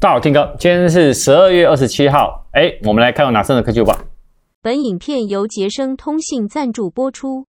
大家好，Tim 哥，今天是十二月二十七號，哎，我們來看有哪三的科技吧。本影片由傑昇通信贊助播出。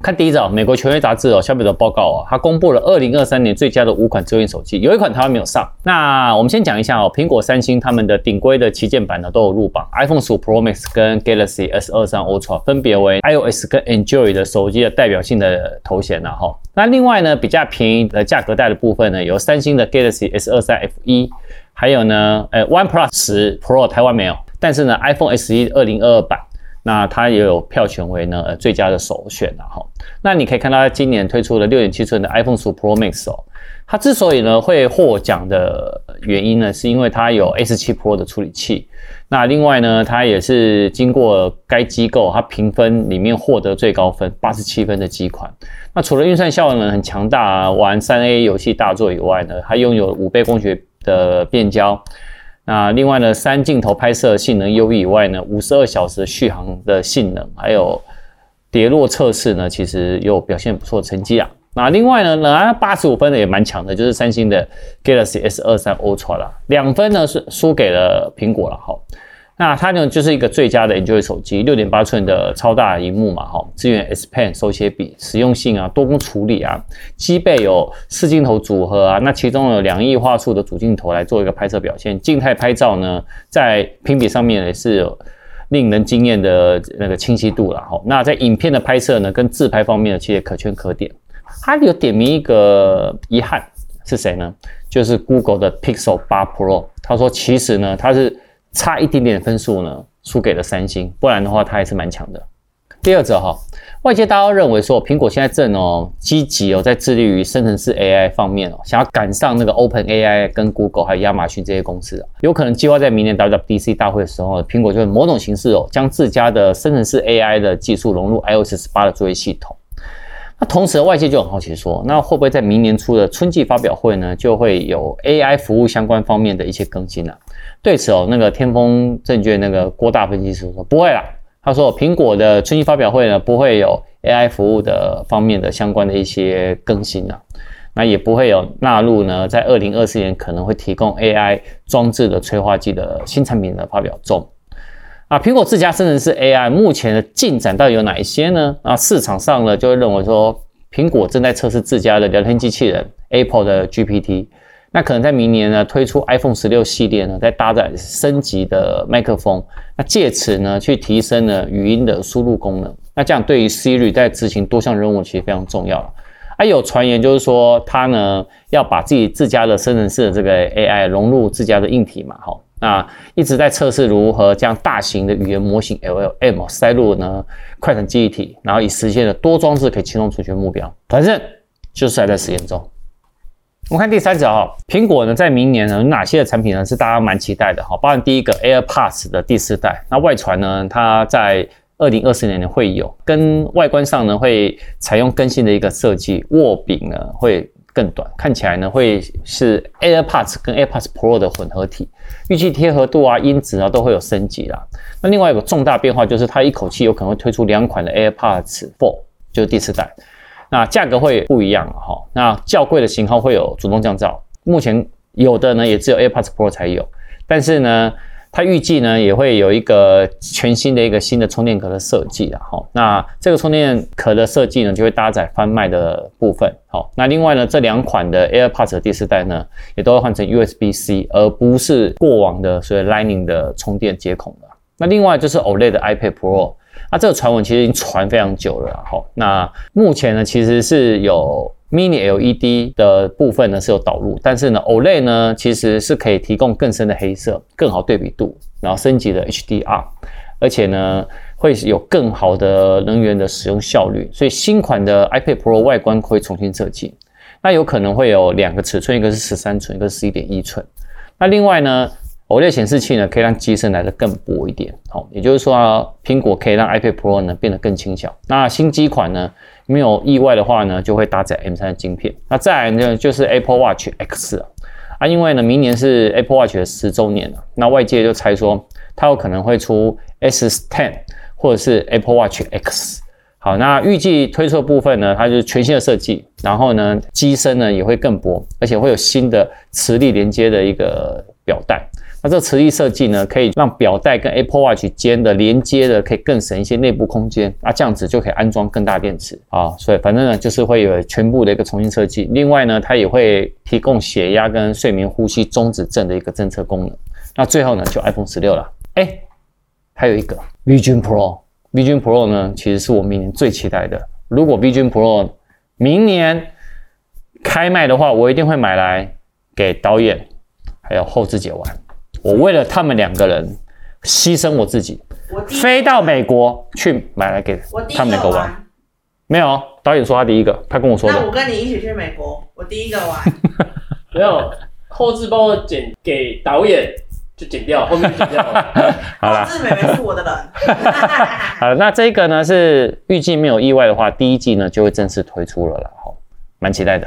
看第一則美國權威雜誌哦，消費者報告哦，它公布了二零二三年最佳的五款最貴手機，有一款它還沒有上。那我們先講一下哦，蘋果、三星他們的頂規的旗艦版呢都有入榜，iPhone 十五 Pro Max 跟 Galaxy S 二三 Ultra 分別為 iOS 跟 Android 手機的代表性的頭銜呢、啊，哈。那另外呢，比較便宜的價格帶的部分呢，有三星的 Galaxy S23 FE，還有呢，呃、欸、，OnePlus 10 Pro 台灣沒有，但是呢，iPhone SE 二零二二版，那它也有票選為呢，呃，最佳的首選了哈、哦。那你可以看到它今年推出了六點七寸的 iPhone 15 Pro Max 哦，它之所以呢會獲獎的。原因呢，是因為它有 S7 Pro 的處理器。那另外呢，它也是經過該機構它評分裡面獲得最高分八十七分的機款。那除了運算效能很強大，玩三 A 遊戲大作以外呢，它擁有五倍光學的變焦。那另外呢，三鏡頭拍攝性能優異以外呢，五十二小時續航的性能，還有跌落測試呢，其實有表現不錯的成績啊。那另外呢，拿八十五分的也蠻強的，就是三星的 Galaxy S 二三 Ultra，兩分呢是輸給了蘋果了哈。那它呢就是一個最佳的安卓手機，六點八寸的超大熒幕嘛哈，支援 S Pen 手寫筆，實用性啊，多工處理啊，機背有四鏡頭組合啊，那其中有兩億畫素的主鏡頭來做一個拍攝表現，靜態拍照呢在評比上面也是有令人驚豔的那個清晰度了哈。那在影片的拍攝呢，跟自拍方面呢，其實可圈可點。他有點名一個遺憾是誰呢？就是 Google 的 Pixel 8 Pro。他說，其實呢，他是差一點點的分數呢，輸給了三星。不然的話，他還是蠻強的。第二則哈、哦，外界大家都認為說，蘋果現在正哦積極哦在致力於生成式 AI 方面哦，想要趕上那個 Open AI、跟 Google 還有亞馬遜這些公司啊，有可能計劃在明年 WWDC 大會的時候，蘋果就會某種形式哦，將自家的生成式 AI 的技術融入 iOS 18的作業系統。同時，外界就很好奇說，那會不會在明年初的春季發表會呢，就會有 AI 服務相關方面的一些更新呢、啊？對此哦，那個天風證券那個郭大分析師說，不會啦。他說，蘋果的春季發表會呢，不會有 AI 服務的方面的相關的一些更新了、啊，那也不會有納入呢，在二零二四年可能會提供 AI 裝置的催化劑的新產品的發表中。啊，蘋果自家生成式 AI 目前的進展到底有哪一些呢？啊，市場上呢就會認為說，蘋果正在測試自家的聊天機器人 Apple 的 GPT，那可能在明年呢推出 iPhone 16系列呢，再搭載升級的麥克風，那借此呢去提升了語音的輸入功能，那這樣對於 Siri 在執行多項任務其實非常重要。還、啊、有傳言就是說它呢要把自己自家的生成式的這個 AI 融入自家的硬體嘛，哈、哦，那一直在測試如何將大型的語言模型 LLM 塞入呢快閃記憶體，然後以實現的多裝置可以輕鬆儲存目標。反正就是還在實驗中。我們看第三則哈，蘋果呢在明年呢有哪些的產品呢？是大家蠻期待的哈，包含第一個 AirPods 的第四代，那外傳呢，它在。二零二四年呢會有，跟外觀上呢會採用更新的一個設計，握柄呢會更短，看起來呢會是 AirPods 跟 AirPods Pro 的混合體，預計貼合度啊、音質啊都會有升級啦。那另外一個重大變化就是它一口氣有可能會推出兩款的 AirPods 4，就是第四代，那價格會不一樣哈，那較貴的型號會有主動降噪，目前有的呢也只有 AirPods Pro 才有，但是呢。它預計呢也會有一個全新的一個新的充電殼的設計，然後那這個充電殼的設計呢就會搭載翻蓋的部分，好，那另外呢這兩款的 AirPods 第四代呢也都會換成 USB-C，而不是過往的所謂 Lightning 的充電接口了。那另外就是 OLED 的 iPad Pro，那這個傳聞其實已經傳非常久了，哈，那目前呢其實是有。Mini LED 的部分呢是有導入，但是呢 OLED 呢其實是可以提供更深的黑色，更好對比度，然後升級的 HDR，而且呢會有更好的能源的使用效率，所以新款的 iPad Pro 外觀會重新設計，那有可能會有兩個尺寸，一個是十三寸，一個是十一點一寸，那另外呢。OLED 顯示器呢，可以讓機身來的更薄一點，好，也就是說，蘋果可以讓 iPad Pro 呢變得更輕巧。那新機款呢，沒有意外的話呢，就會搭載 M3 的晶片。那再來呢，就是 Apple Watch X 啊，啊，因為呢，明年是 Apple Watch 的十周年了,那外界就猜說它有可能會出 S10 或者是 Apple Watch X。好，那預計推出的部分呢，它就是全新的設計，然後呢，機身呢也會更薄，而且會有新的磁力連接的一個錶帶。那、啊、這個、磁力設計呢，可以讓錶帶跟 Apple Watch 間的連接的可以更省一些內部空間，那、啊、這樣子就可以安裝更大電池啊。所以反正呢，就是會有全部的一個重新設計。另外呢，它也會提供血壓跟睡眠呼吸中止症的一個偵測功能。那最後呢，就 iPhone 16了。哎，還有一個 Vision Pro，Vision Pro 呢，其實是我明年最期待的。如果 Vision Pro 明年開賣的話，我一定會買來給導演還有後製姐玩。我為了他們兩個人犧牲我自己，飛到美國去買來給他們兩個玩。沒有，導演說他第一個，他跟我說的。那我跟你一起去美國，我第一個玩。 沒有，後制幫我剪給導演就剪掉後面。好了，後制妹妹是我的人。 好了，那這個呢是預計沒有意外的話，第一季呢就會正式推出了啦，好，蠻期待的。